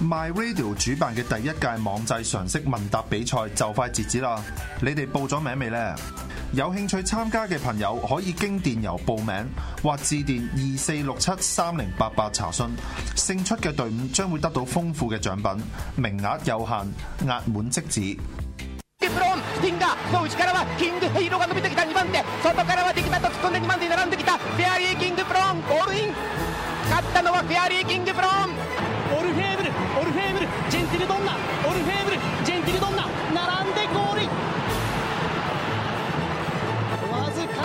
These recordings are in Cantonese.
My Radio 主辦嘅第一屆網際常識問答比賽就快截止啦！你哋報咗名未呢？有興趣參加嘅朋友可以經電郵報名或致電二四六七三零八八查詢。勝出嘅隊伍將會得到豐富嘅獎品，名額有限，額滿即止。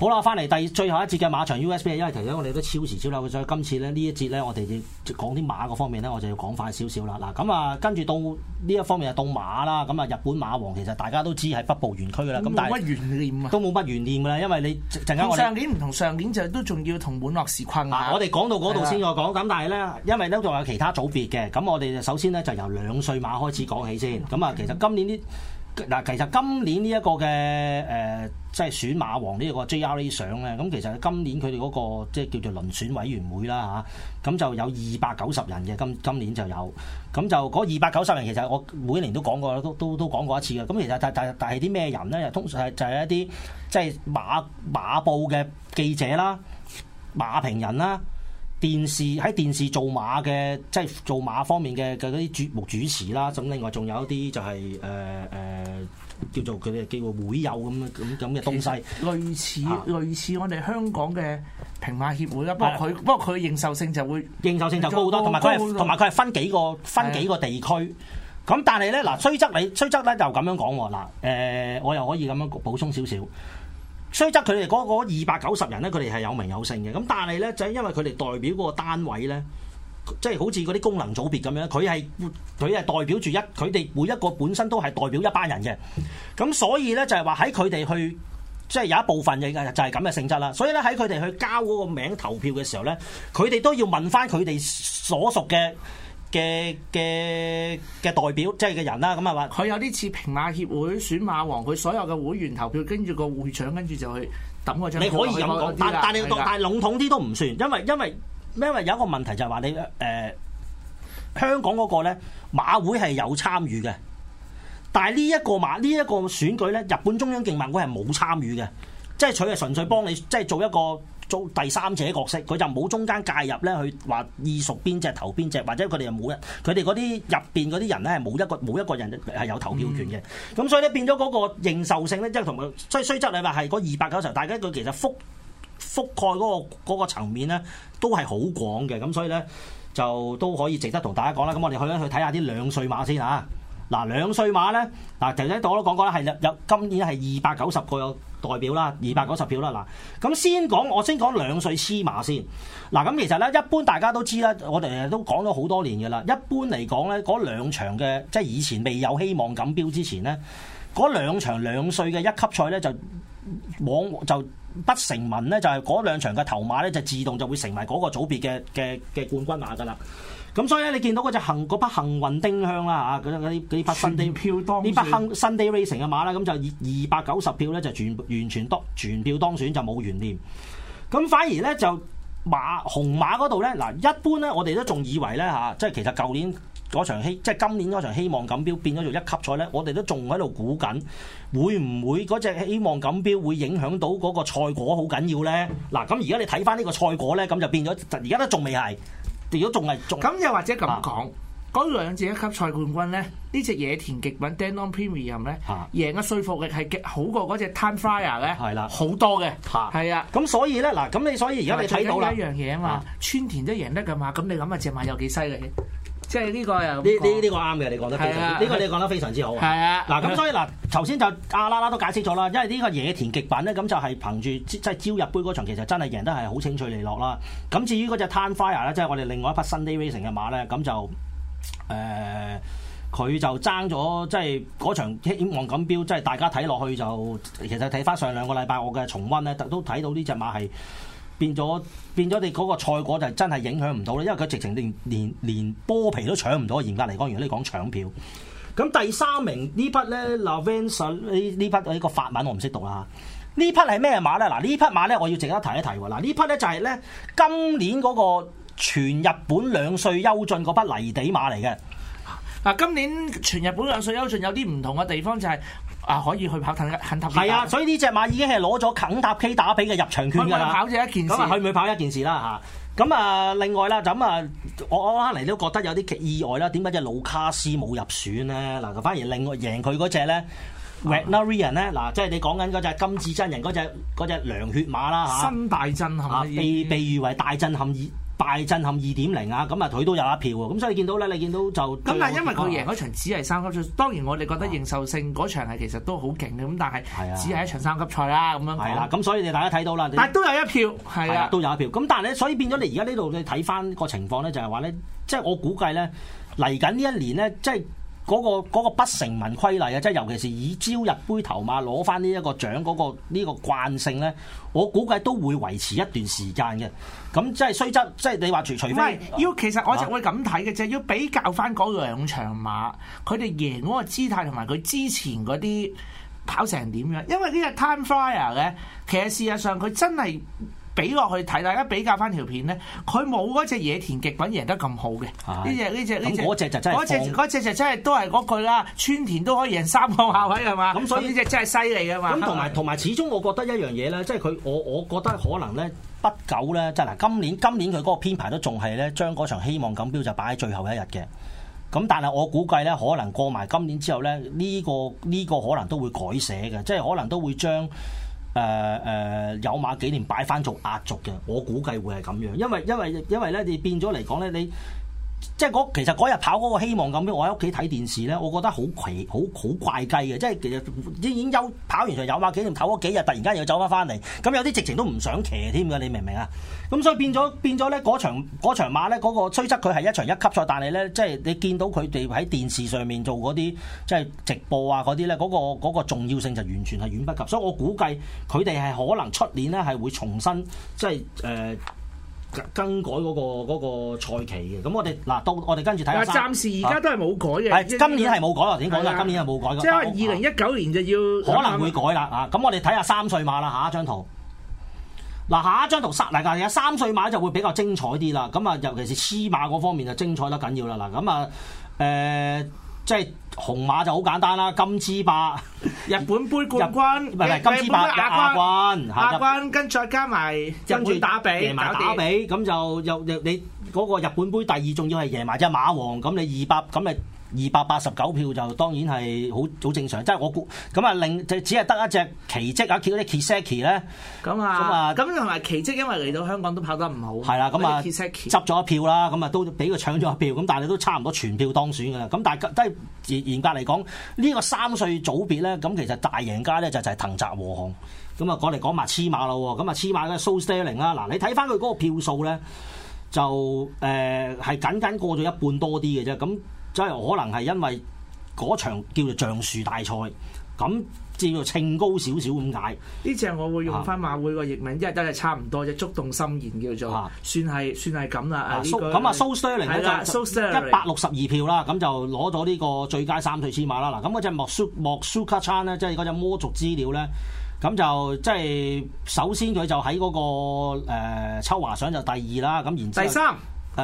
好啦，翻嚟第最後一節嘅馬場 USB，因為頭先我哋都超時超流，所以今次咧呢一節咧，我哋要講啲馬嗰方面咧，我就要講快少少啦。嗱，咁啊，跟住到呢一方面就到馬啦。咁啊，日本馬王其實大家都知喺北部園區北部玄駒啦，咁、啊、但係都冇乜懸念㗎啦，因為你陣間上年唔同上年就都仲要同滿樂時困啊。啊我哋講到嗰度先再講，咁的但係咧，因為呢，仲有其他組別嘅，咁我哋首先咧就由兩歲馬開始講起先。咁啊，其實今年呢、這、嗱、個，其實今年呢一個嘅誒。呃即係選馬王呢個 JRA 賞咧，咁其實今年佢哋嗰個即係、就是、叫做輪選委員會啦吓，咁就有二百九十人嘅今今年就有，咁就嗰二百九十人其實我每年都講過都都都講過一次嘅。咁其實但但但係啲咩人咧？又通常係就係一啲即係馬馬報嘅記者啦，馬評人啦，電視喺電視做馬嘅即係做馬方面嘅嘅嗰啲節目主持啦。咁另外仲有一啲就係誒誒。呃呃叫做佢哋叫會友咁樣咁咁嘅東西，類似、啊、類似我哋香港嘅評馬協會啦的。不過佢不過佢嘅認受性就會認受性就高好多，同埋佢係同埋佢係分幾個分幾個地區。咁的但係咧嗱，雖則你雖則咧就咁樣講嗱。誒，我又可以咁樣補充少少。雖則佢哋嗰嗰二百九十人咧，佢哋係有名有姓嘅。咁但係咧，就因為佢哋代表嗰個單位咧。即係好似嗰啲功能組別咁樣，佢係佢係代表住一佢哋每一個本身都係代表一班人嘅，咁、嗯嗯、所以咧就係話喺佢哋去即係有一部分嘅就係咁嘅性質啦。所以咧喺佢哋去交嗰個名投票嘅時候咧，佢哋都要問翻佢哋所屬嘅嘅嘅嘅代表即係嘅人啦。咁啊話佢有啲似評馬協會選馬王，佢所有嘅會員投票跟住個會長跟住就去揼開你可以咁講，但些但你的但係籠統啲都唔算，因為因為。因為因為有一個問題就係話你誒、呃、香港嗰個咧馬會係有參與嘅，但係呢一個馬呢一、呢個選舉咧，日本中央競馬會係冇參與嘅，即係佢係純粹幫你即係做一個做第三者角色，佢就冇中間介入咧，去話意屬邊隻投邊隻，或者佢哋又冇一佢哋嗰啲入邊嗰啲人咧係冇一個冇一個人係有投票權嘅，咁、嗯、所以咧變咗嗰個認受性咧即係同佢所以雖則你話係嗰二百九十成大家佢其實覆。覆蓋嗰、那個嗰、那個層面咧，都係好廣嘅，咁所以咧就都可以值得同大家講啦。咁我哋去咧去睇下啲兩歲馬先嚇。嗱、啊、兩歲馬咧，嗱頭先我都講過啦，係有今年係二百九十個有代表啦，二百九十票啦。嗱、啊，咁先講我先講兩歲雌馬先。嗱、啊、咁其實咧，一般大家都知啦，我哋都講咗好多年嘅啦。一般嚟講咧，嗰兩場嘅即係以前未有希望咁標之前咧，嗰兩場兩歲嘅一級賽咧就往就。往就不成文咧，就係、是、嗰兩場嘅頭馬咧，就自動就會成為嗰個組別嘅嘅嘅冠軍馬㗎喇。咁所以咧，你見到嗰隻幸嗰匹幸運丁香啦啊，嗰啲嗰啲嗰啲匹新丁，票當呢匹亨新丁 racing 嘅馬啦，咁就二百九十票咧，就全完全當全票當選就冇懸念。咁反而咧就馬紅馬嗰度咧，嗱、一般咧，我哋都仲以為咧嚇，即係其實舊年。嗰場希即係今年嗰場希望錦標變咗做一級賽咧，我哋都仲喺度估緊，會唔會嗰隻希望錦標會影響到嗰個賽果好緊要咧？嗱，咁而家你睇翻呢個賽果咧，咁就變咗，而家都仲未係，如果仲係，咁又或者咁講，嗰、啊、兩隻一級賽冠軍咧，呢隻野田極品 Danon Premium 咧，啊、贏嘅説服力係好過嗰隻 Time Flyer 咧，好是的 多嘅，係啊的，咁所以咧嗱，咁你所以而家你睇到啦一樣嘢啊嘛，村田都贏得㗎嘛，咁你諗下隻馬有幾犀利？即係呢個又呢呢呢個啱嘅，你講得其實呢個你講得非常之、啊、好。係啊，嗱咁、啊、所以嗱頭先就阿啦啦都解釋咗啦，因為呢個野田極品呢，咁就係憑住即係朝日杯嗰場其實真係贏得係好清脆利落啦。咁至於嗰隻 Toughfire 呢，即係我哋另外一匹 Sunday Racing 嘅馬呢，咁就誒佢、呃、就爭咗即係嗰場希望錦標，即、就、係、是、大家睇落去就其實睇翻上兩個禮拜我嘅重溫呢，都睇到呢隻馬係。變咗變咗，你嗰個賽果就真係影響唔到咧，因為佢直情連連連波皮都搶唔到，嚴格嚟講，如果你講搶票。咁第三名呢匹咧，呢匹呢 Le Vent Se Lève，呢匹呢個法文我唔識讀啦。匹呢匹係咩馬咧？嗱呢匹馬咧，我要值得提一提喎。嗱呢匹咧就係、係、咧今年嗰個全日本兩歲優駿嗰匹泥地馬嚟嘅。嗱今年全日本兩歲優駿有啲唔同嘅地方就係、係。啊！可以去跑肯，肯塔基？係啊，所以呢隻馬已經係攞咗肯塔基打比嘅入場券㗎啦。去唔去跑隻一件事？咁去唔去跑一件事啦嚇？咁啊，另外啦，咁啊，我我翻嚟都覺得有啲意外啦。點解隻老卡斯冇入選呢？嗱，反而另外贏佢嗰隻咧，Wagnerian 咧，嗱、uh. 啊，即係你講緊嗰隻金子真人嗰隻嗰隻良血馬啦嚇。新大震撼，被被譽為大震撼。大震撼二點零啊，咁啊佢都有一票喎，咁所以你見到咧，你見到就咁，但係因為佢贏嗰場只係三級賽，當然我哋覺得認受性嗰場係其實都好勁嘅，咁但係只係一場三級賽啦，咁的樣講。係啦，咁所以你大家睇到啦，但係都有一票，係啊，都有一票。咁但係咧，所以變咗你而家呢度你睇翻個情況咧，就係話咧，即係我估計咧嚟緊呢一年咧，即係。嗰、嗰個嗰個不成文規例啊，即係尤其是以朝日杯頭馬攞翻呢一個獎，嗰、嗰個呢個慣性咧，我估計都會維持一段時間嘅。咁即係雖則，即係你話除除非是、呃、要其實我就會咁睇嘅啫，要比較翻嗰兩場馬，佢哋贏嗰個姿態同埋佢之前嗰啲跑成點樣？因為呢個 Time Flyer、er、咧，其實事實上佢真係。比落去睇，大家比較翻條片咧，佢冇嗰隻野田極品贏得咁好嘅，呢隻呢隻呢隻。咁嗰隻就真係放，嗰隻就真係都係嗰句啦。川田都可以贏三個亞位係嘛？咁所以呢隻真係犀利嘅嘛。咁同埋同埋，的始終我覺得一樣嘢咧，即係佢我我覺得可能咧，不久咧，即係嗱，今年今年佢嗰個編排都仲係咧，將嗰場希望錦標就擺喺最後一日嘅。咁但係我估計咧，可能過埋今年之後咧，呢個呢個可能都會改寫嘅，即係可能都會將。誒誒、呃呃、有馬記念擺返做壓軸嘅，我估計會係咁樣，因為因為因為咧你變咗嚟講咧你。即係其實嗰日跑嗰個希望咁樣，我喺屋企睇電視咧，我覺得好奇好好怪雞嘅，即係其實已經休跑完就有馬記念，唞咗幾日，突然間又走翻翻嚟，咁有啲直情都唔想騎添㗎，你明唔明啊？咁所以變咗變咗咧，嗰場嗰場馬咧，嗰、嗰個規則佢係一場一級賽，但係咧即係你見到佢哋喺電視上面做嗰啲即係直播啊嗰啲咧，嗰、嗰個嗰個重要性就完全係遠不及，所以我估計佢哋係可能出年咧係會重新即係誒。就是呃更改嗰、那個嗰、那個、賽期嘅，咁我哋嗱，當我哋跟住睇。下。暫時而家都係冇改嘅。係、啊、今年係冇改咯，點講咧？的今年係冇改。即係二零一九年就要可能會改啦啊！咁我哋睇下三歲馬啦，下一張圖。嗱、啊，下一張圖，嗱嗱，有三歲馬就會比較精彩啲啦。咁啊，尤其是雌馬嗰方面就精彩得緊要啦。嗱，咁啊，誒、啊。欸即係紅馬就好簡單啦，金枝霸日本杯冠軍，唔係金枝霸亞軍，亞軍跟再加埋跟住打比，贏埋打比咁比就又又你嗰個日本杯第二，仲要係贏埋隻馬王咁，你二百咁你。二百八十九票就當然係好好正常，即係我估咁啊，另就只係得一隻奇蹟啊，叫嗰啲 Kiseki 咧。咁啊，咁啊，咁同埋奇蹟，因為嚟到香港都跑得唔好。係啦，咁啊，奇蹟執咗一票啦，咁啊都俾佢搶咗一票，咁但係都差唔多全票當選㗎啦。咁但係即都係嚴格嚟講呢個三歲組別咧，咁其實大贏家咧就就係藤澤和雄。咁啊，過嚟講埋雌馬啦，咁啊雌馬咧，Soul Stirling 啦，嗱你睇翻佢嗰個票數咧，就誒係、呃、僅僅過咗一半多啲嘅啫，咁。即係可能係因為嗰場叫做橡樹大賽，咁至叫做稱高少少咁解。呢隻我會用翻馬會個譯名，啊、因為都係差唔多，即係觸動心弦叫做算，算係算係咁啦。咁啊，Soul Stirring 咧就 Soul Stirring 一百六十二票啦，咁就攞咗呢個最佳三歲之馬啦。嗱，咁嗰隻莫蘇莫蘇卡昌咧，即係嗰隻魔族之料咧，咁就即係、就是、首先佢就喺嗰、那個誒、呃、秋華賞就第二啦，咁然之第三。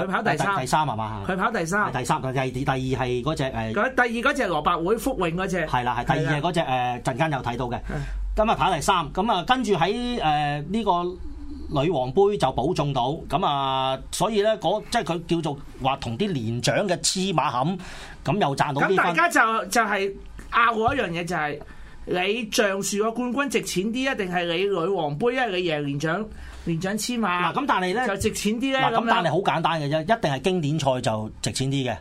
佢跑第三，第三係嘛？佢跑第三，第三同第二，第二係嗰隻誒。嗰第二嗰隻蘿蔔會福永嗰隻。係啦的，係的第二嘅嗰隻誒，陣間又睇到嘅。咁啊的跑第三，咁啊跟住喺誒呢個女王杯就保中到，咁啊所以咧嗰即係佢叫做話同啲年長嘅黐馬冚咁又賺到。咁大家就就係拗嗰一樣嘢，就係，就係你橡樹個冠軍值錢啲，定係你女王杯，因為你贏年長。連獎千碼，啊、但就值錢啲咧咁。但係好簡單嘅啫，一定係經典賽就值錢啲嘅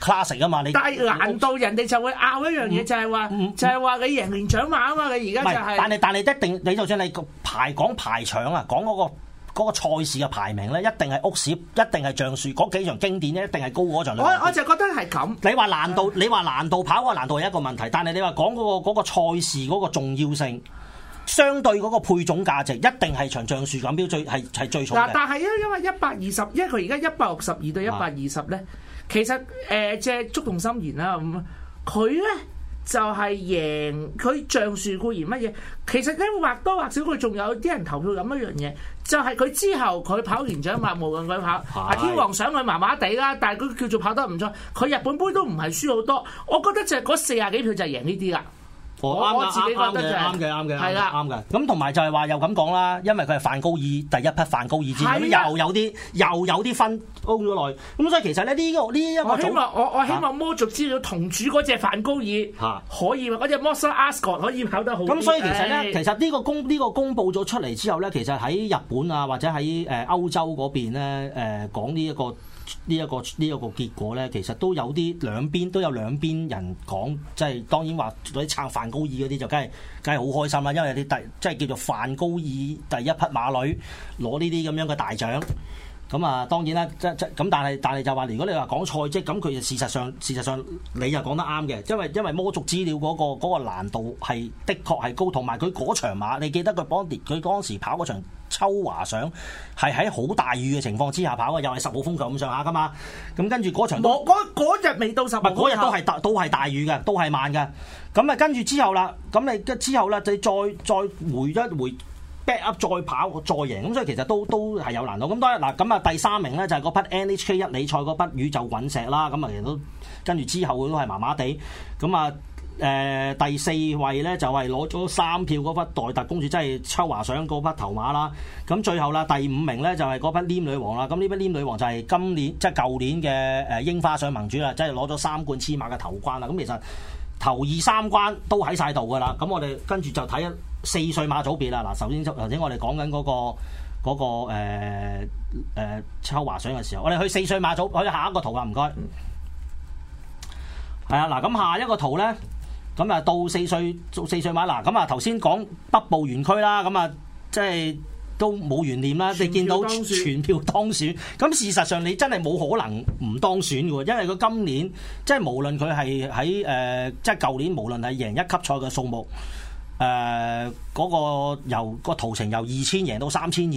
，classic 啊嘛你。但係難度人哋就會拗一樣嘢，就係話，就係話你贏年獎馬啊嘛，你而家就係。但係但係一定，你就算你排講排場啊，講嗰、嗰個嗰、嗰個、賽事嘅排名咧，一定係屋市，一定係橡樹嗰幾場經典咧，一定係高嗰場。我我就覺得係咁。你話難度，是你話難度跑嗰個難度係一個問題，但係你話講嗰、嗰個嗰、嗰個賽事嗰個重要性。相對嗰個配種價值一定係長橡樹錦標最係係最重。嗱，但係因因為一百二十，因為佢而家一百六十二到一百二十咧，其實誒即係觸動心弦啦。咁佢咧就係贏，佢橡樹固然乜嘢，其實咧或多或少佢仲有啲人投票咁一樣嘢，就係、是、佢之後佢跑完獎馬， 無論佢跑阿的天皇賞佢麻麻地啦，但係佢叫做跑得唔錯，佢日本杯都唔係輸好多。我覺得就係嗰四廿幾票就係贏呢啲啦。我自己覺得啱嘅啱嘅啱嘅啱嘅。咁同埋就係話又咁講啦，因為佢係梵高爾第一批梵高爾之中，又有啲又有啲分 O 咗耐。咁所以其實咧呢個呢一個，我希望我我希望魔族知道同主嗰隻梵高爾可以，嗰隻 Mozu Ascot 可以考得好。咁所以其實咧，其實呢個公呢個公佈咗出嚟之後咧，其實喺日本啊或者喺誒歐洲嗰邊咧誒講呢一個。呢一個呢一個結果咧，其實都有啲兩邊都有兩邊人講，即係當然話嗰啲撐梵高爾嗰啲就梗係梗係好開心啦，因為有啲第即係叫做梵高爾第一匹馬女攞呢啲咁樣嘅大獎。咁啊，當然啦，即即咁，但係但係就話，如果你話講賽績，咁佢就事實上事實上你又講得啱嘅，因為因為摸足資料嗰個嗰個難度係的確係高，同埋佢嗰場馬，你記得個邦佢當時跑嗰場。秋華賞係喺好大雨嘅情況之下跑嘅，又係十號風球咁上下噶嘛。咁跟住嗰場，嗰日未到十，唔嗰日都係大，都係大雨嘅，都係慢嘅。咁啊，跟住之後啦，咁你跟之後啦，就再再回一回 back up，再跑再贏。咁所以其實都都係有難度。咁當然，嗱，咁啊第三名咧就係、是、嗰匹 NHK 一哩賽嗰匹宇宙隕石啦。咁啊，其實都跟住之後佢都係麻麻地。咁啊。誒、呃、第四位咧就係攞咗三票嗰匹代特公主，即係秋華賞嗰匹頭馬啦。咁最後啦，第五名咧就係嗰匹黏女王啦。咁呢匹黏女王就係今年即係舊年嘅誒櫻花賞盟主啦，即係攞咗三冠黐馬嘅頭冠啦。咁其實頭二三關都喺晒度㗎啦。咁我哋跟住就睇四歲馬組別啦。嗱、那個，首先首先我哋講緊嗰個嗰個、呃、秋華賞嘅時候，我哋去四歲馬組去下一個圖啊，唔該。係啊，嗱咁下一個圖咧。咁啊，到四歲，做四歲馬嗱，咁啊頭先講北部玄駒啦，咁啊即係都冇懸念啦。你見到全票當選。咁 事實上你真係冇可能唔當選嘅因為佢今年即係無論佢係，喺誒，即係舊、呃、年無論係贏一級賽嘅數目，誒、呃、嗰、那個由、那個途程由二千贏到三千二，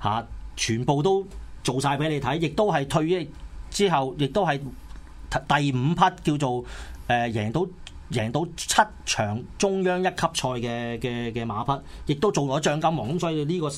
吓，全部都做晒俾你睇，亦都係退役之後，亦都係第五匹叫做誒贏、呃、到。贏到七場中央一級賽嘅嘅嘅馬匹，亦都做咗獎金王，咁所以呢個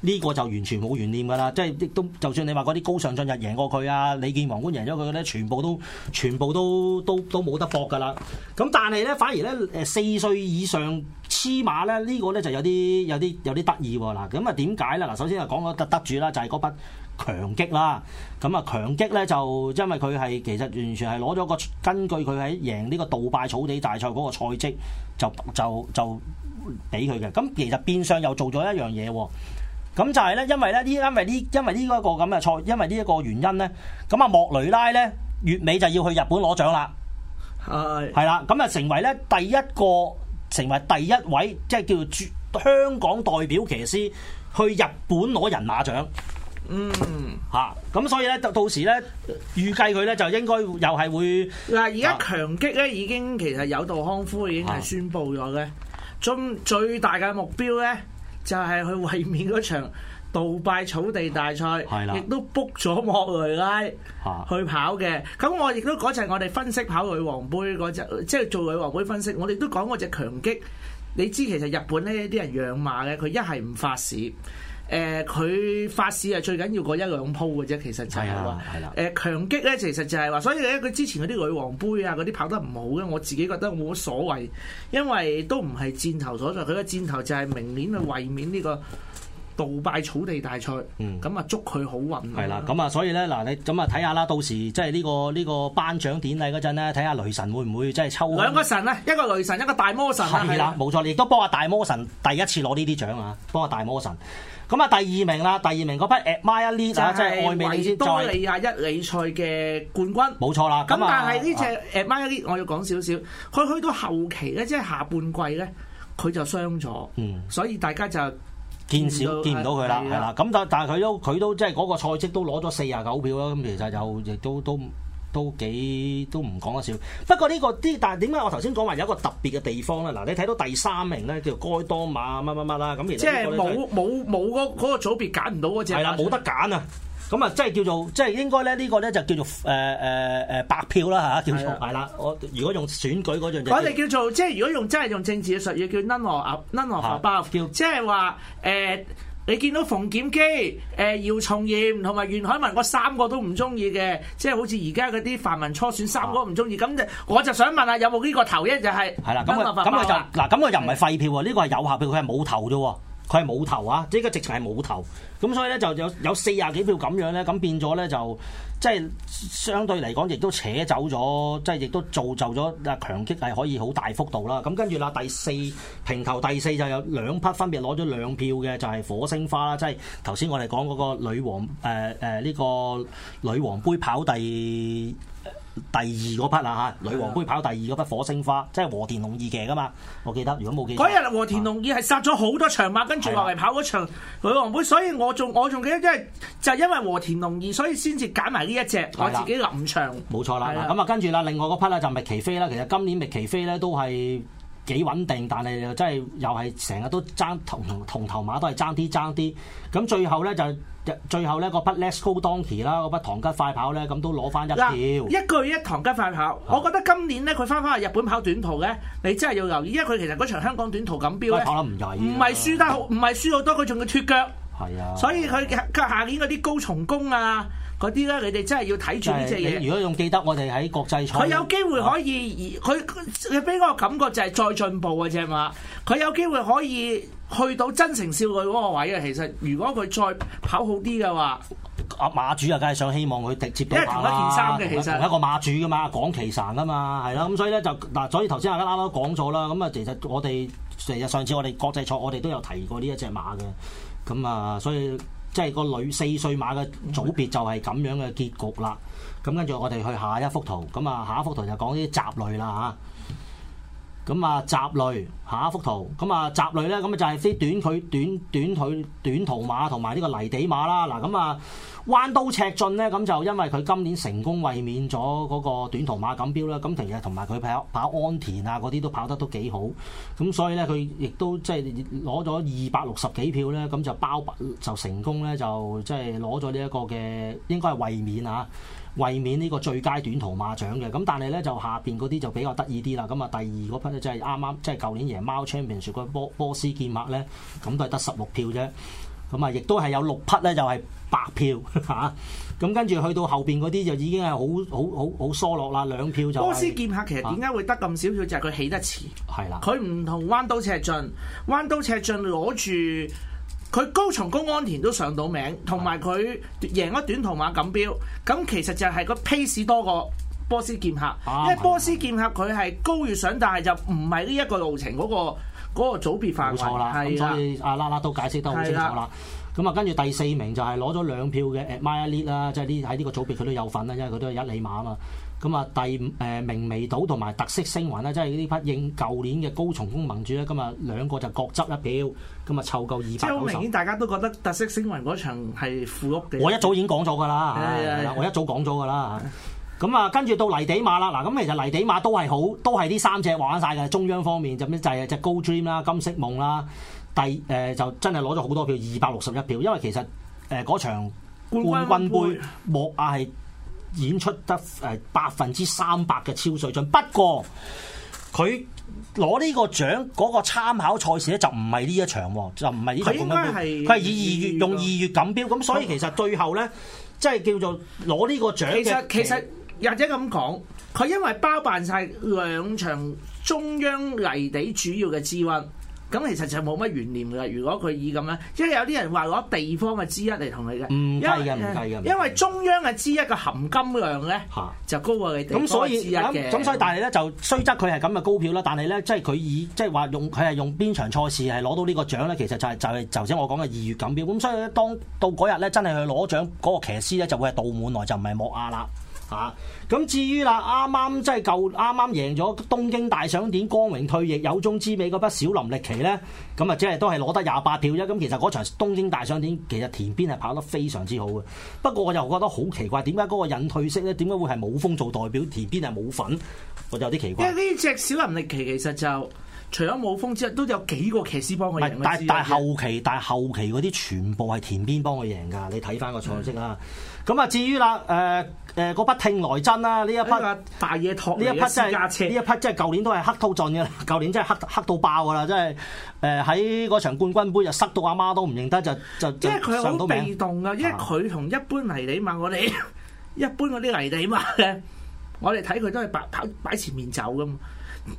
呢個就完全冇懸念㗎啦。即係都就算你話嗰啲高上進日贏過佢啊，里見皇冠贏咗佢咧，全部都全部都都都冇得搏㗎啦。咁但係咧，反而咧誒四歲以上黐馬咧呢個咧就有啲有啲有啲得意喎嗱。咁啊點解咧嗱？首先啊講個得得住啦，就係嗰筆。強擊啦，咁啊強擊呢就因為佢係其實完全係攞咗個根據佢喺贏呢個杜拜草地大賽嗰個賽績就就就俾佢嘅，咁其實變相又做咗一樣嘢喎，咁就係咧，因為咧呢因為呢因為呢一個咁嘅賽，因為呢一個原因呢。咁啊莫雷拉呢，月尾就要去日本攞獎啦，係是，係啦，咁啊成為呢第一個成為第一位即係、就是、叫做香港代表騎師去日本攞人馬獎。嗯，吓咁，啊，所以咧到到時咧，預計佢咧就應該又係會。嗱，而家強擊咧已經其實有道康夫已經係宣布咗嘅，最，啊，最大嘅目標咧就係、是、去衛冕嗰場杜拜草地大賽，係啦，啊，亦都 book 咗莫雷拉去跑嘅。咁，啊，我亦都嗰陣我哋分析跑女王杯嗰隻，即係做女王杯分析，我哋都講嗰隻強擊。你知其實日本呢啲人養馬嘅，佢一係唔發市。誒佢發市係最緊要過一兩鋪嘅啫，其實就係話誒強擊咧，其實就係話，所以咧佢之前嗰啲女王杯啊，嗰啲跑得唔好嘅，我自己覺得冇乜所謂，因為都唔係箭頭所在。佢嘅箭頭就係明年去衛冕呢個杜拜草地大賽，嗯，咁啊祝佢好運。係啦，咁啊，所以咧嗱，你咁啊睇下啦，到時即係呢個呢、呢個頒獎典禮嗰陣咧，睇下雷神會唔會即係抽兩個神啦、啊，一個雷神，一個大魔神啦、啊，係啦、啊，冇錯，你亦都幫下大魔神第一次攞呢啲獎啊，幫下大魔神。咁啊，第二名啦，第二名嗰筆 Admire Lead 啊，即係維多利亞一哩賽嘅冠軍，冇錯啦。咁但係呢隻 Admire Lead，我要講少少，佢、嗯、去到後期咧，即、就、係、是、下半季咧，佢就傷咗，嗯、所以大家就見少見唔到佢啦，係啦、啊。咁、啊、但但係佢都佢都即係嗰個賽績都攞咗四十九票啦，咁其實就亦都都。都都幾都唔講得少，不過呢個啲但係點解我頭先講話有一個特別嘅地方咧？嗱，你睇到第三名咧叫該當馬乜乜乜啦，咁、就是、即係冇冇冇嗰嗰個組別揀唔到嗰隻，係啦，冇得揀啊！咁啊，即係叫做即係應該咧呢個咧就叫做誒誒誒白票啦吓，叫做係啦的。我如果用選舉嗰樣，我哋叫做即係如果用真係用政治嘅術語叫拎鵝鴨，拎鵝鴨包，叫即係話誒。你見到馮檢基、誒姚松炎同埋袁海文嗰三個都唔中意嘅，即係好似而家嗰啲泛民初選三個都唔中意，咁就我就想問下有冇呢個頭一、啊、就係係啦，咁佢咁我就嗱，咁我又唔係廢票喎，呢個係有效票，佢係冇投啫喎。佢係冇投啊！即係個直情係冇投，咁所以咧就有有四廿幾票咁樣咧，咁變咗咧就即係相對嚟講，亦都扯走咗，即係亦都造就咗啊！強擊係可以好大幅度啦。咁跟住啦，第四平頭第四就有兩匹分別攞咗兩票嘅，就係、是、火星花啦。即係頭先我哋講嗰個女王誒誒呢個女王杯跑第。第二嗰匹啊吓，女王杯跑第二嗰匹火星花，即係和田龍二騎噶嘛，我記得。如果冇記錯，嗰日和田龍二係殺咗好多場馬，跟住落嚟跑嗰場女王杯，所以我仲我仲記得，因為就係因為和田龍二，所以先至揀埋呢一隻，的我自己臨場。冇錯啦，咁啊的，跟住啦，另外嗰匹啦就咪奇飛啦，其實今年咪奇飛咧都係。幾穩定，但係又真係又係成日都爭同同頭馬都係爭啲爭啲，咁最後咧就最後咧嗰匹 Let's Go Donkey 啦，嗰匹唐吉快跑咧咁都攞翻一票。一句一唐吉快跑，是我覺得今年咧佢翻返去日本跑短途咧，你真係要留意，因為佢其實嗰場香港短途錦標跑得唔曳，唔係輸得好，唔係輸好多，佢仲要脫腳。係啊，所以佢佢下年嗰啲高松宮啊。嗰啲咧，你哋真係要睇住呢隻嘢。你如果仲記得我哋喺國際賽，佢有機會可以，佢俾嗰個感覺就係再進步嘅啫嘛。佢有機會可以去到真誠少女嗰個位啊。其實如果佢再跑好啲嘅話，啊，馬主又梗係想希望佢直接到馬馬。因為同一件衫嘅，其實同一個馬主㗎嘛，港騎神㗎嘛，係咯。咁所以咧就嗱，所以頭先阿啱啱都講咗啦。咁啊，其實我哋其實上次我哋國際賽，我哋都有提過呢一隻馬嘅。咁啊，所以。即係個女四歲馬嘅組別就係咁樣嘅結局啦。咁跟住我哋去下一幅圖。咁啊、嗯，下一幅圖就講啲雜類啦嚇。咁啊，雜類下一幅圖。咁啊，雜類呢，咁、嗯、就係、是、啲短佢、短短佢、短途馬同埋呢個泥地馬啦。嗱、嗯，咁、嗯、啊。嗯彎刀尺進咧，咁就因為佢今年成功衛冕咗嗰個短途馬錦標啦，咁其實同埋佢跑跑安田啊嗰啲都跑得都幾好，咁所以咧佢亦都即係攞咗二百六十幾票咧，咁就包就成功咧，就即係攞咗呢一個嘅應該係衛冕啊，衛冕呢個最佳短途馬獎嘅，咁但係咧就下邊嗰啲就比較得意啲啦，咁啊第二嗰匹咧即係啱啱即係舊年贏馬昌平標嗰波波斯劍馬咧，咁都係得十六票啫。咁啊，亦都係有六匹咧，就係白票嚇。咁跟住去到後邊嗰啲，就已經係好好好好疏落啦，兩票就係。波斯劍客其實點解會得咁少票？啊、就係佢起得遲。係啦的。佢唔同彎刀赤進，彎刀赤進攞住佢高松宮安田都上到名，同埋佢贏咗短途馬錦標。咁其實就係個 pace 多過波斯劍客，啊、因為波斯劍客佢係高越上，但係就唔係呢一個路程嗰、嗰個。嗰個組別範圍冇錯啦，咁、啊、所以阿啦啦都解釋得好清楚啦。咁啊，跟住第四名就係攞咗兩票嘅，誒 Admire Lead 啦，即係呢喺呢個組別佢都有份啦，因為佢都係一里馬啊嘛。咁、嗯、啊，第誒、呃、明微島同埋特色星雲咧，即係呢啲匹應舊年嘅高松宮盟主咧，今日兩個就各執一票，咁啊湊夠二百九十。即係好明顯，大家都覺得特色星雲嗰場係負屈嘅。我一早已經講咗㗎啦，我一早講咗㗎啦。咁啊，跟住到泥地馬啦，嗱咁其實泥地馬都係好，都係呢三隻玩晒嘅中央方面，就咩就係隻高 dream 啦、金色夢啦，第誒、呃、就真係攞咗好多票，二百六十一票，因為其實誒嗰、呃、場冠軍杯莫亞係演出得誒百分之三百嘅超水準，不過佢攞呢個獎嗰個參考賽事咧就唔係呢一場，就唔係呢。佢應該佢係以二月用二月錦標，咁所以其實最後咧即係叫做攞呢個獎其實，其實或者咁講，佢因為包辦晒兩場中央泥地主要嘅資運，咁其實就冇乜懸念㗎。如果佢以咁樣，因為有啲人話攞地方嘅資一嚟同你嘅唔計㗎，唔計㗎，因為，因為中央嘅資一嘅含金量咧、啊、就高過你。咁所以咁所以，但係咧就雖則佢係咁嘅高票啦，但係咧即係佢以即係話用佢係用邊場賽事係攞到呢個獎咧，其實就係、係、就係頭先我講嘅二月錦標咁。所以咧，當到嗰日咧真係去攞獎嗰、嗰個騎師咧，就會係杜滿來就唔係莫亞啦。嚇！咁至於啦，啱啱即係舊啱啱贏咗東京大賞典，光榮退役有終之美嗰筆小林力奇呢，咁啊即係都係攞得廿八票啫。咁其實嗰場東京大賞典其實田邊係跑得非常之好嘅，不過我就覺得好奇怪，點解嗰個引退式呢？點解會係冇風做代表，田邊係冇份，我就有啲奇怪。因為呢隻小林力奇其實就。除咗武豐之外，都有幾個騎師幫佢贏。是但但後期，但後期嗰啲全部係田邊幫佢贏噶。你睇翻個賽事啦。咁啊，至於啦，誒誒嗰匹聽來真啦，呢一匹大野拓，呢一匹真係呢一匹即係舊年都係黑到盡嘅，舊年真係黑黑到爆噶啦，真係誒喺嗰場冠軍杯就塞到阿媽都唔認得，就就，就上到名。因為佢好被動啊，的因為佢同一般泥地馬，我哋 一般嗰啲泥地馬嘅，我哋睇佢都係擺擺前面走噶嘛。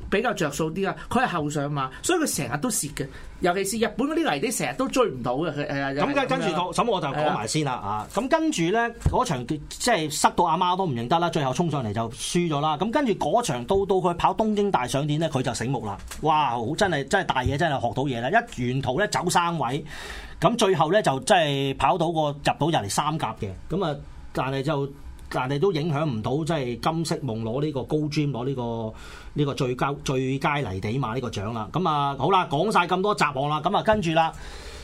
比較着數啲啊！佢係後上嘛，所以佢成日都蝕嘅。尤其是日本嗰啲泥地，成日都追唔到嘅。咁跟住咁我就講埋先啦。是啊，啊！咁跟住咧，嗰場即係塞到阿媽都唔認得啦。最後衝上嚟就輸咗啦。咁跟住嗰場到到佢跑東京大賞典咧，佢就醒目啦。哇！好真係真係大嘢，真係學到嘢啦！一沿途咧走三位，咁最後咧就真係跑到個入到入嚟三甲嘅。咁啊，但係就。但係都影響唔到，即係金色夢攞呢個高專、這個，攞呢個呢個最佳最佳泥地馬呢個獎啦。咁啊，好啦，講晒咁多雜項啦，咁啊跟住啦，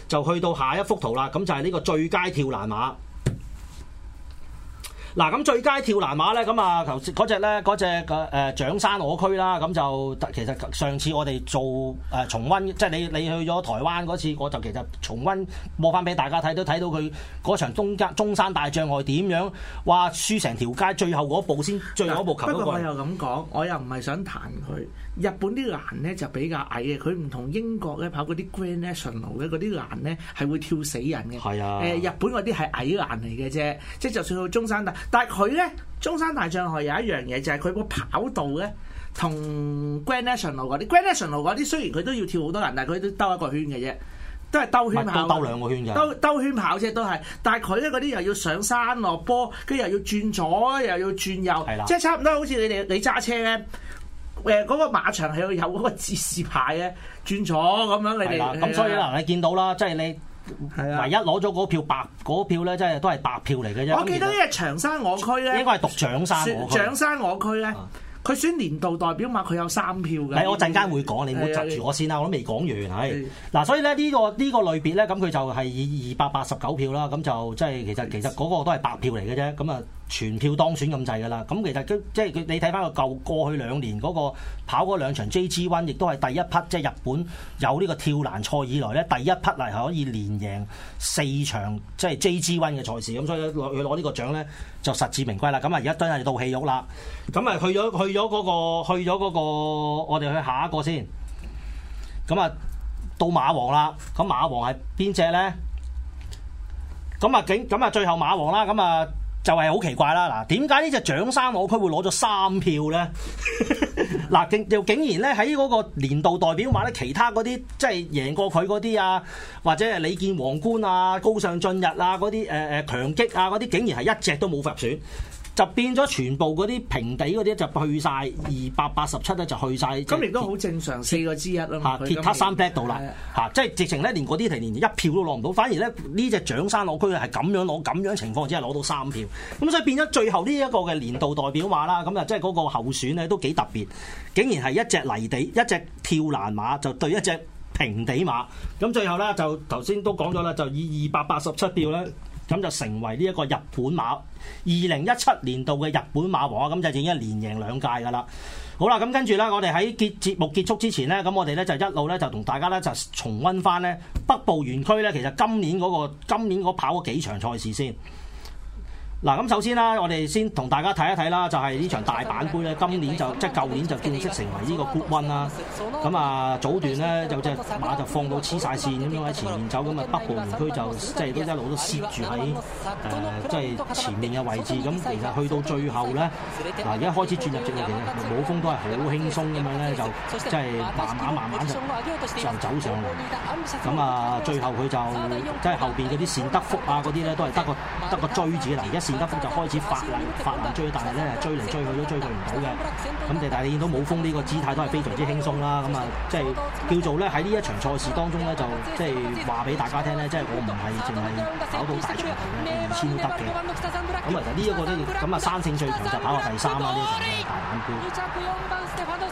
就去到下一幅圖啦。咁就係呢個最佳跳欄馬。嗱咁最佳跳欄馬咧，咁啊頭先嗰隻咧，嗰隻誒長山我區啦，咁、那、就、個、其實上次我哋做誒、呃、重溫，即係你你去咗台灣嗰次，我就其實重溫播翻俾大家睇，都睇到佢嗰場東中山大障礙點樣，哇！輸成條街最，最後嗰步先，最後嗰步球過。不過我又咁講，我又唔係想彈佢。日本啲欄呢就比較矮嘅，佢唔同英國咧跑嗰啲 Grand National 嘅嗰啲欄呢係會跳死人嘅。係是啊，誒日本嗰啲係矮欄嚟嘅啫，即係就算到中山大。但係佢咧，中山大障害有一樣嘢就係佢個跑道咧，同 Grand National 嗰啲 Grand National 嗰啲雖然佢都要跳好多人，但係佢都兜一個圈嘅啫，都係兜圈跑，兜兩個圈咋？兜兜圈跑啫，都係，但係佢咧嗰啲又要上山落坡，佢又要轉左又要轉右，的即係差唔多好似你哋你揸車咧，誒、那、嗰個馬場係有嗰個指示牌咧，轉左咁樣，你哋咁所以嗱，你見到啦，即係你。的係啊！唯一攞咗嗰票白嗰、那個、票咧，真係都係白票嚟嘅啫。我記得呢個長山我區咧，應該係讀長山我區咧。佢選、啊、年度代表馬，佢有三票嘅。係，我陣間會講，你唔好窒住我先啦，的我都未講完。係嗱的、啊，所以咧、這、呢個呢、這個類別咧，咁佢就係以二百八十九票啦。咁就即係其實其實嗰個都係白票嚟嘅啫。咁啊。全票當選咁滯㗎啦。咁其實即係佢，你睇翻個舊過去兩年嗰個跑嗰兩場 JG One，亦都係第一匹，即係日本有呢個跳欄賽以來咧，第一匹係可以連贏四場，即係 JG One 嘅賽事。咁所以攞攞呢個獎咧就實至名歸啦。咁啊，而家真係到戲肉啦。咁啊，去咗去咗嗰個去咗嗰個，我哋去下一個先。咁啊，到馬王啦。咁馬王係邊隻咧？咁啊，竟咁啊，最後馬王啦。咁啊。就係好奇怪啦！嗱，點解呢隻蔣生我區會攞咗三票咧？嗱， 竟又竟然咧喺嗰個年度代表馬咧，其他嗰啲即係贏過佢嗰啲啊，或者係李健王冠啊、高尚進日啊嗰啲誒誒強擊啊嗰啲，竟然係一隻都冇入選。就變咗全部嗰啲平地嗰啲就去晒二百八十七咧就去晒。咁亦都好正常，四個之一咯。嚇、啊，鐵塔三匹到啦，嚇是的、啊，即係直情咧，連嗰啲題連一票都攞唔到，反而咧呢隻掌、這個、山攞區係咁樣攞咁樣情況，只係攞到三票。咁所以變咗最後呢一個嘅年度代表馬啦，咁啊即係嗰個候選咧都幾特別，竟然係一隻泥地一隻跳欄馬就對一隻平地馬。咁最後咧就頭先都講咗啦，就以二百八十七票咧。咁就成為呢一個日本馬二零一七年度嘅日本馬王啊！咁就已經係連贏兩屆㗎啦。好啦，咁跟住咧，我哋喺結節目結束之前咧，咁我哋咧就一路咧就同大家咧就重溫翻咧北部玄駒咧，其實今年嗰、嗰個今年嗰跑嗰幾場賽事先。嗱咁首先啦，我哋先同大家睇一睇啦，就係、是、呢場大阪杯咧，今年就即係舊年就正式成為呢個 good one 啦。咁啊，早段咧就隻馬就放到黐晒線咁樣喺前面走，咁啊北部玄駒就即係都一路都攝住喺誒即係前面嘅位置。咁其實去到最後咧，嗱而家開始轉入正嘅時候，武豐都係好輕鬆咁樣咧，就即係慢慢慢慢就就走上嚟。咁啊，最後佢就即係後邊啲善德福啊啲咧，都係得個得個追住嚟一。前幾波就開始發力，發力追，但係咧追嚟追去都追佢唔到嘅。咁但係你見到武豐呢個姿態都係非常之輕鬆啦。咁啊，即係叫做咧喺呢一場賽事當中咧，就即係話俾大家聽咧，即係我唔係淨係搞到大場，二千都得嘅。咁啊，其實呢一個咧咁啊三性最強就跑落第三啦呢一種嘅大冷門。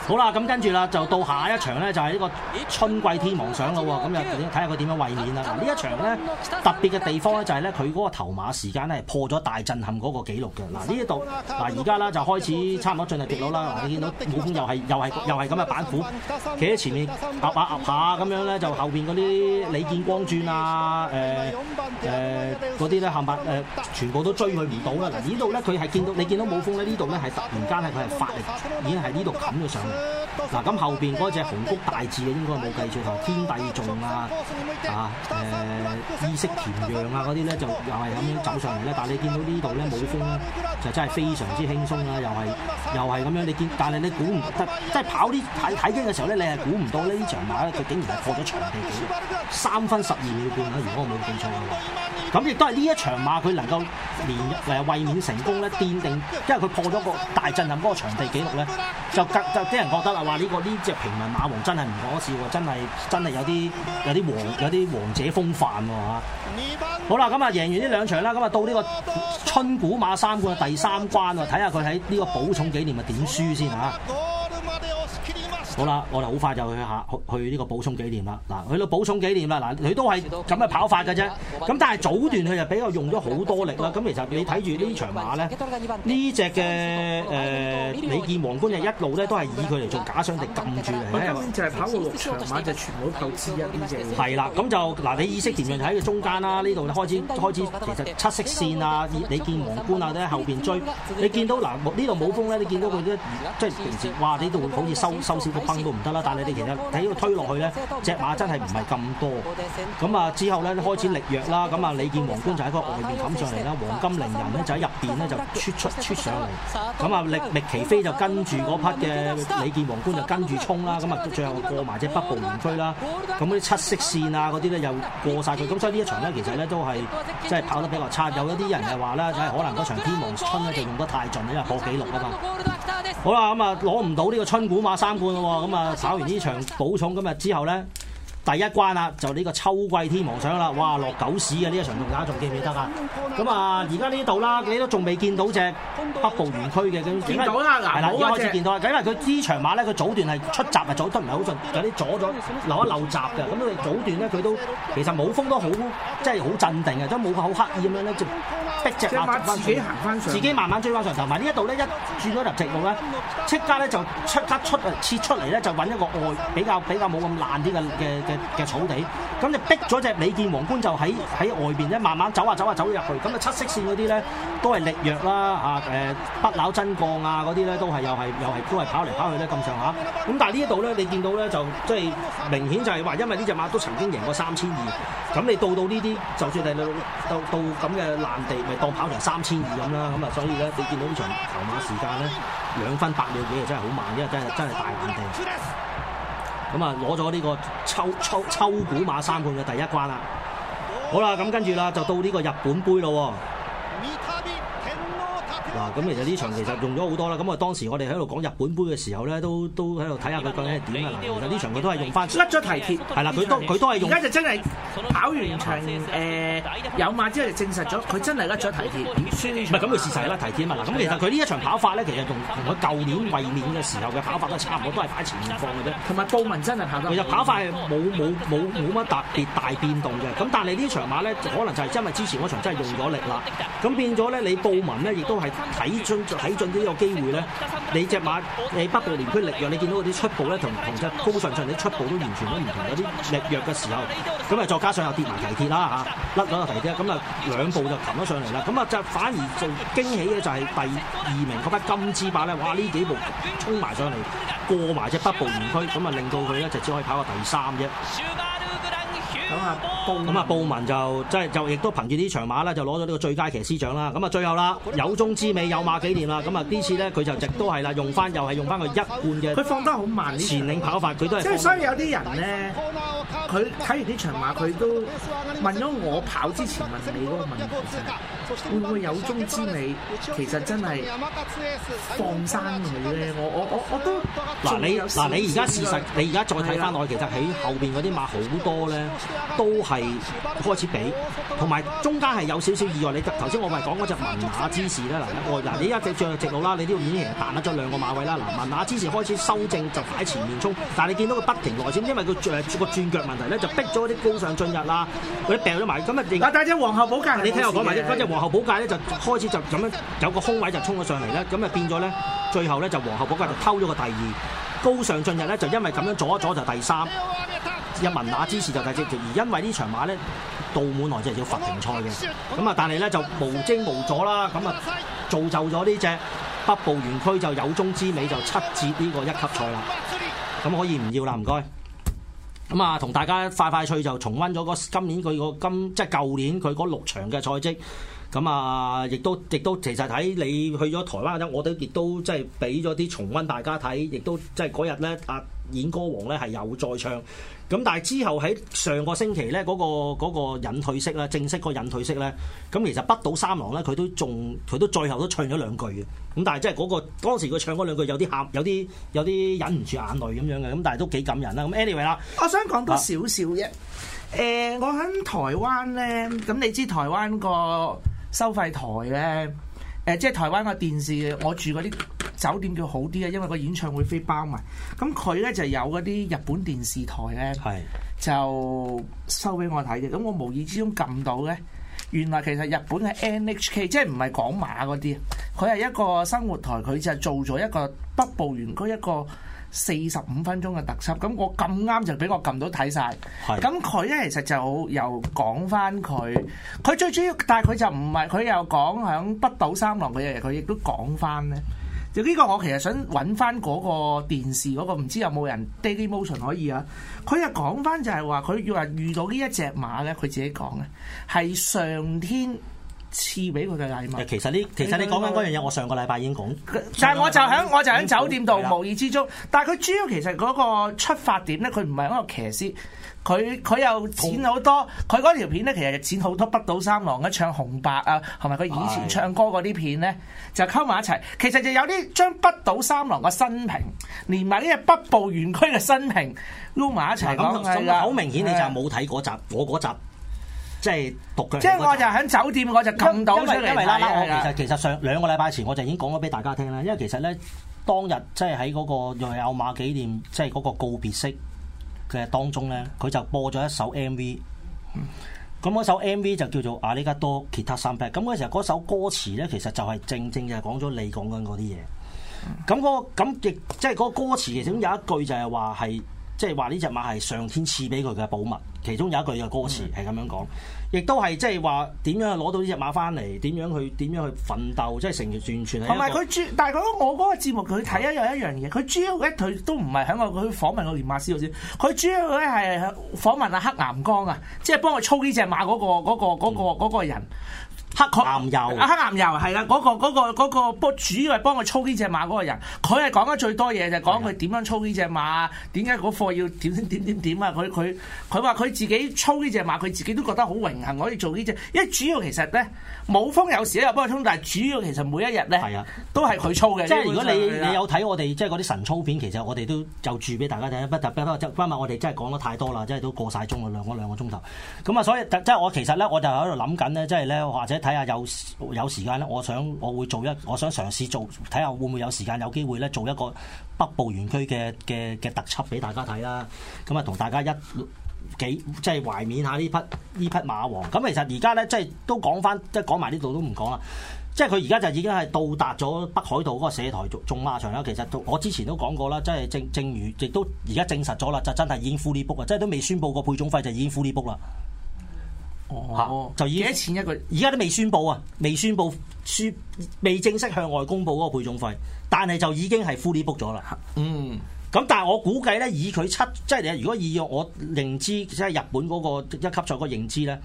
好啦，咁跟住啦，就到下一場咧，就係呢個春季天皇賞喎。咁又點睇下佢點樣衛冕啦？嗱，呢一場咧特別嘅地方咧就係咧佢嗰個頭馬時間咧係破咗大。震撼個記錄嘅嗱，呢一度，嗱而家咧就開始差唔多進入跌落啦，你見到武豐又係又係又係咁嘅板斧企喺前面壓壓壓下咁樣咧，就後邊啲李建光轉啊誒誒啲咧冚唪唥全部，呃、全都追佢唔到啦，嗱、啊、呢度咧佢係見到你見到武豐咧呢度咧係突然間係佢係發力已經係呢度冚咗上嚟。嗱咁後邊隻紅谷大字嘅應該冇計錯同天地重啊啊誒、啊呃、意識田揚啊啲咧就又係咁樣走上嚟咧，但係你見到呢？呢度咧冇風就真係非常之輕鬆啦！又係又係咁樣，你見，但係你估唔得，即係跑啲睇睇經嘅時候咧，你係估唔到呢場馬咧，佢竟然係破咗場地記錄三分十二秒半啊！如果我冇記錯嘅話，咁亦都係呢一場馬佢能夠連誒衛冕成功咧，奠定，因為佢破咗個大震撼嗰個場地記錄咧，就更就啲人覺得啦，話呢、呢個呢隻、呢個呢個、平民馬王真係唔可笑喎，真係真係有啲有啲王，有啲王者風範喎嚇！好啦，咁啊贏完呢兩場啦，咁啊到呢、呢個。春古馬三冠嘅第三關啊，睇下佢喺呢個寶塚紀念咪點輸先嚇。好啦，我哋好快就去下去呢個寶塚記念啦。嗱，去到寶塚記念啦，嗱，佢都係咁嘅跑法㗎啫。咁但係早段佢就比較用咗好多力啦。咁其實你睇住呢場馬咧，呢隻嘅誒里見皇冠就一路咧都係以佢嚟做假想敵撳住嘅，因為跑過六場馬全 G1，就全部都夠資一。呢隻。係啦，咁就嗱，你意識田讓喺個中間啦、啊，呢度開始開始其實七色線啊，里見皇冠啊喺後邊追，你見到嗱呢度冇風咧，你見到佢咧即係平時哇呢度好似收收崩到唔得啦！但係你哋其實喺度推落去咧，隻馬真係唔係咁多。咁啊之後咧，開始力弱啦。咁啊李健王冠就喺個外邊冚上嚟啦。黃金靈人咧就喺入邊咧就出出出上嚟。咁啊力力奇飛就跟住嗰匹嘅李健王冠就跟住衝啦。咁啊最後過埋隻北部玄駒啦。咁啲七色線啊嗰啲咧又過晒佢。咁所以呢一場咧，其實咧都係即係跑得比較差。有一啲人就話咧，係可能嗰場天王春咧就用得太盡，因為破記錄啊嘛。好啦，咁、嗯、啊，攞唔到呢個春古馬三冠咯，咁、嗯、啊，跑完呢場寶塚，今日之後咧。第一關啦，就呢個秋季天王賞啦，哇落狗屎啊！呢一場仲而家仲記唔記得啊？咁啊，而家呢度啦，你都仲未見到隻北部玄駒嘅咁點啊？係啦，而家開始見到啦！只因為佢呢場馬咧，佢早段係出閘係早得唔係好順，就有啲阻咗，漏一漏閘嘅。咁佢早段咧，佢都其實冇風都好，即係好鎮定嘅，都冇個好刻意咁樣咧，就逼隻馬追翻上。自己行翻上，自己慢慢追翻上，自己慢慢追翻上。同埋呢一度咧，一轉咗入直路咧，即刻咧就即刻出啊，切出嚟咧就揾一個外比較比較冇咁爛啲嘅嘅嘅。嘅草地，咁就逼咗隻美健王冠就喺喺外邊咧，慢慢走啊走啊走入啊去，咁啊七色線嗰啲咧都係力弱啦，啊誒不朽真降啊嗰啲咧都係又係又係都係跑嚟跑去咧咁上下，咁但係呢度咧你見到咧就即係明顯就係話，因為呢隻馬都曾經贏過三千二，咁你到到呢啲就算你到到咁嘅爛地，咪當跑成三千二咁啦，咁啊所以咧你見到呢場頭馬時間咧兩分八秒幾啊，真係好慢，因為真係真係大爛地。咁啊，攞咗呢個秋秋秋古馬三冠嘅第一關啦！好啦，咁跟住啦，就到呢個日本杯咯。咁、啊、其實呢場其實用咗好多啦。咁我當時我哋喺度講日本杯嘅時候咧，都都喺度睇下佢究竟係點嘅啦。其實呢場佢都係用翻甩咗提鐵，係啦，佢都佢都係用。而家就真係跑完場誒、呃、有馬之後，證實咗佢真係甩咗提鐵。唔係咁佢事實係甩提鐵啊嘛。咁的其實佢呢一場跑法咧，其實同同佢舊年、衛冕嘅時候嘅跑法都係差唔多，都係擺前面放嘅啫。同埋布文真係跑，其實跑法係冇冇冇冇乜特別大變動嘅。咁但係呢場馬咧，可能就係因為之前嗰場真係用咗力啦。咁變咗咧，你布文咧亦都係。睇進睇進呢個機會咧，你隻馬你北部玄駒力弱，你見到嗰啲出步咧同同隻高層層啲出步都完全都唔同，有啲力弱嘅時候，咁啊再加上又跌埋蹄鐵啦嚇，甩咗個蹄鐵，咁啊兩步就擒咗上嚟啦，咁啊就反而最驚喜嘅就係第二名嗰匹金枝馬咧，哇呢幾步衝埋上嚟過埋隻北部玄駒，咁啊令到佢咧就只可以跑到第三啫。咁啊，布文就即係就亦都憑住呢場馬咧，就攞咗呢個最佳騎師獎啦。咁啊，最後啦，有終之美，有馬紀念啦。咁啊，呢次咧，佢就直都係啦，用翻又係用翻佢一貫嘅。佢放得好慢。前領跑法，佢都係。即係所以有啲人咧，佢睇完呢場馬，佢都問咗我跑之前問你嗰個問題，會唔會有終之美？其實真係放生佢咧。我我我我都。嗱、啊、你嗱、啊、你而家事實，你而家再睇翻我，是啊、其實喺後邊嗰啲馬好多咧。都係開始比，同埋中間係有少少意外。你頭先我咪講嗰隻文雅之士咧嗱，嗰嗱你依家佢著直路啦，你都要演啲人彈得咗兩個馬位啦嗱。文雅之士開始修正就擺前面衝，但係你見到佢不停內線，因為佢著個轉腳問題咧，就逼咗啲高尚進入啦，佢咧掉咗埋咁啊！嗱，但隻皇后寶戒，你聽我講埋。嗰隻皇后寶戒咧，就開始就咁樣有個，空位就衝咗上嚟咧，咁啊變咗咧，最後咧，就皇后寶戒，就偷咗個第二，高尚進入咧，就因為咁樣，阻一阻，就第三。一文雅之士就大職業，而因為呢場馬咧，盜滿來就要罰停賽嘅。咁啊，但係咧就無精無阻啦，咁啊造就咗呢隻北部玄駒就有終之美，就七捷呢個一級賽啦。咁可以唔要啦，唔該。咁啊，同大家快快脆就重温咗個今年佢個今即係舊年佢嗰六場嘅賽績。咁啊，亦都亦都其實睇你去咗台灣我哋亦都即係俾咗啲重温大家睇，亦都即係嗰日咧，阿、就是啊、演歌王咧係有再唱。咁但係之後喺上個星期咧、嗰個，嗰個引退式咧，正式嗰個引退式咧，咁其實北島三郎咧，佢都仲佢都最後都唱咗兩句嘅。咁但係即係嗰、嗰個當時佢唱嗰兩句有啲喊，有啲有啲忍唔住眼淚咁樣嘅。咁但係都幾感人啦。咁 anyway 啦，我想講多少少啫。誒，我喺台灣咧，咁你知台灣個收費台咧，誒、呃，即係台灣個電視，我住要啲，酒店叫好啲啊，因為個演唱會飛包埋。咁佢咧就有一啲日本電視台咧，就收俾我睇嘅。咁我無意之中撳到咧，原來其實日本嘅 NHK 即係唔係港馬嗰啲，佢係一個生活台，佢就做咗一個北部玄駒一個四十五分鐘嘅特輯。咁我咁啱就俾我撳到睇曬。咁佢咧其實就又講翻佢，佢最主要，但係佢就唔係佢又講響北島三郎嘅嘢，佢亦都講翻咧。呢個我其實想揾翻嗰個電視嗰個，唔知有冇人 Daily Motion 可以啊？佢又講翻就係話佢要話遇到呢一隻馬咧，佢自己講嘅係上天賜俾佢嘅禮物。其實呢，其實你講緊嗰樣嘢，我上個禮拜已經講。但係我就喺我就喺酒店度的無意之中，但係佢主要其實嗰個出發點咧，佢唔係一個騎師。佢佢又剪好多，佢嗰條片咧其實剪好多北島三郎一唱紅白啊，同埋佢以前唱歌嗰啲片咧就溝埋一齊。其實就有啲將北島三郎嘅新評連埋呢隻北部玄駒嘅新評撈埋一齊咁，好明顯你就冇睇嗰集，我嗰集即係讀嘅。即係我就喺酒店我就撳唔到因為啦啦，我其實其實上兩個禮拜前我就已經講咗俾大家聽啦，因為其實咧當日即係喺嗰個有馬紀念即係嗰個告別式。嘅當中咧，佢就播咗一首 M V，咁嗰首 M V 就叫做《阿里加多吉他三拍》。咁嗰時候嗰首歌詞咧，其實就係正正就係講咗你講緊嗰啲嘢。咁、那、嗰個咁亦即係嗰個歌詞，其中有一句就係話係，即係話呢隻馬係上天賜俾佢嘅寶物。其中有一句嘅歌詞係咁樣講。嗯亦都係即係話點樣攞到呢隻馬翻嚟？點樣去點樣去奮鬥？即係成完全係同埋佢主要，但係嗰我嗰個節目佢睇啊有一樣嘢，佢是的 主要咧佢都唔係響我佢訪問個練馬師度先，佢主要咧係訪問阿黑岩江啊，即係幫佢操呢隻馬嗰個嗰個嗰個嗰個人。嗯黑鴨油啊！黑鴨油係啦，嗰個嗰個嗰個主要係幫佢操呢隻馬嗰個人，佢係講得最多嘢就係講佢點樣操呢隻馬，點解嗰貨要點先點點點啊！佢佢佢話佢自己操呢隻馬，佢自己都覺得好榮幸可以做呢隻，因為主要其實咧武豐有時又幫佢操，但係主要其實每一日咧都係佢操嘅。即係是、啊、如果你你有睇我哋即係嗰啲神操片，其實我哋都就住俾大家睇，不不不不，係關我哋真係講得太多啦，真係都過晒鐘啦，兩個兩個鐘頭。咁啊，所以即係我其實咧，我就喺度諗緊咧，即係咧或者。睇下有有時間咧，我想我會做一，我想嘗試做，睇下會唔會有時間有機會咧，做一個北部園區嘅嘅嘅特輯俾大家睇啦。咁啊，同大家一幾即係懷緬下呢匹呢匹馬王。咁其實而家咧，即係都講翻，即係講埋呢度都唔講啦。即係佢而家就已經係到達咗北海道嗰個社台種種馬場啦。其實我之前都講過啦，即係正正如亦都而家證實咗啦，就真係已經 f 呢 l l book 啊，即係都未宣佈個配種費就已經 f 呢 l l book 啦。哦，就而家幾多錢一個？而家都未宣布啊，未宣布，宣未正式向外公布嗰個配種費，但係就已經係 fully book 咗啦。嗯。咁但係我估計咧，以佢七即係你，如果以我認知即係日本嗰個一級賽嗰個認知咧，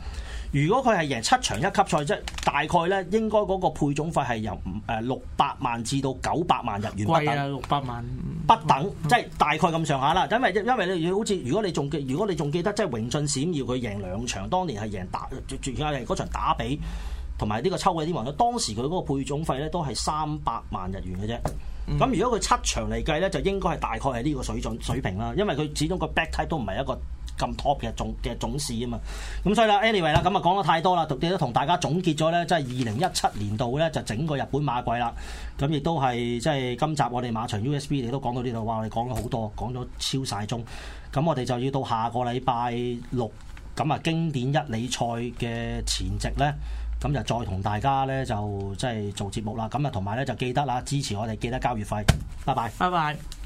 如果佢係贏七場一級賽啫，大概咧應該嗰個配種費係由誒六百萬至到九百萬日元。貴啊，六百萬。嗯、不等，即係、嗯嗯、大概咁上下啦。因為因為你好似如果你仲記，如果你仲記得即係榮進閃耀佢贏兩場，當年係贏打最緊要係嗰場打比，同埋呢個秋季天皇賞，當時佢嗰個配種費咧都係三百萬日元嘅啫。咁、嗯、如果佢七場嚟計咧，就應該係大概係呢個水準水平啦，因為佢始終個 back type 都唔係一個咁 top 嘅總嘅總市啊嘛。咁所以啦，anyway 啦，咁啊講得太多啦，讀者都同大家總結咗咧，即係二零一七年度咧就整個日本馬季啦。咁亦都係即係今集我哋馬場 USB，亦都講到呢度。哇！我哋講咗好多，講咗超晒鐘。咁我哋就要到下個禮拜六，咁啊經典一哩賽嘅前夕咧。咁就再同大家呢，就即係做節目啦，咁啊同埋呢，就記得啦，支持我哋，記得交月費，拜拜，拜拜。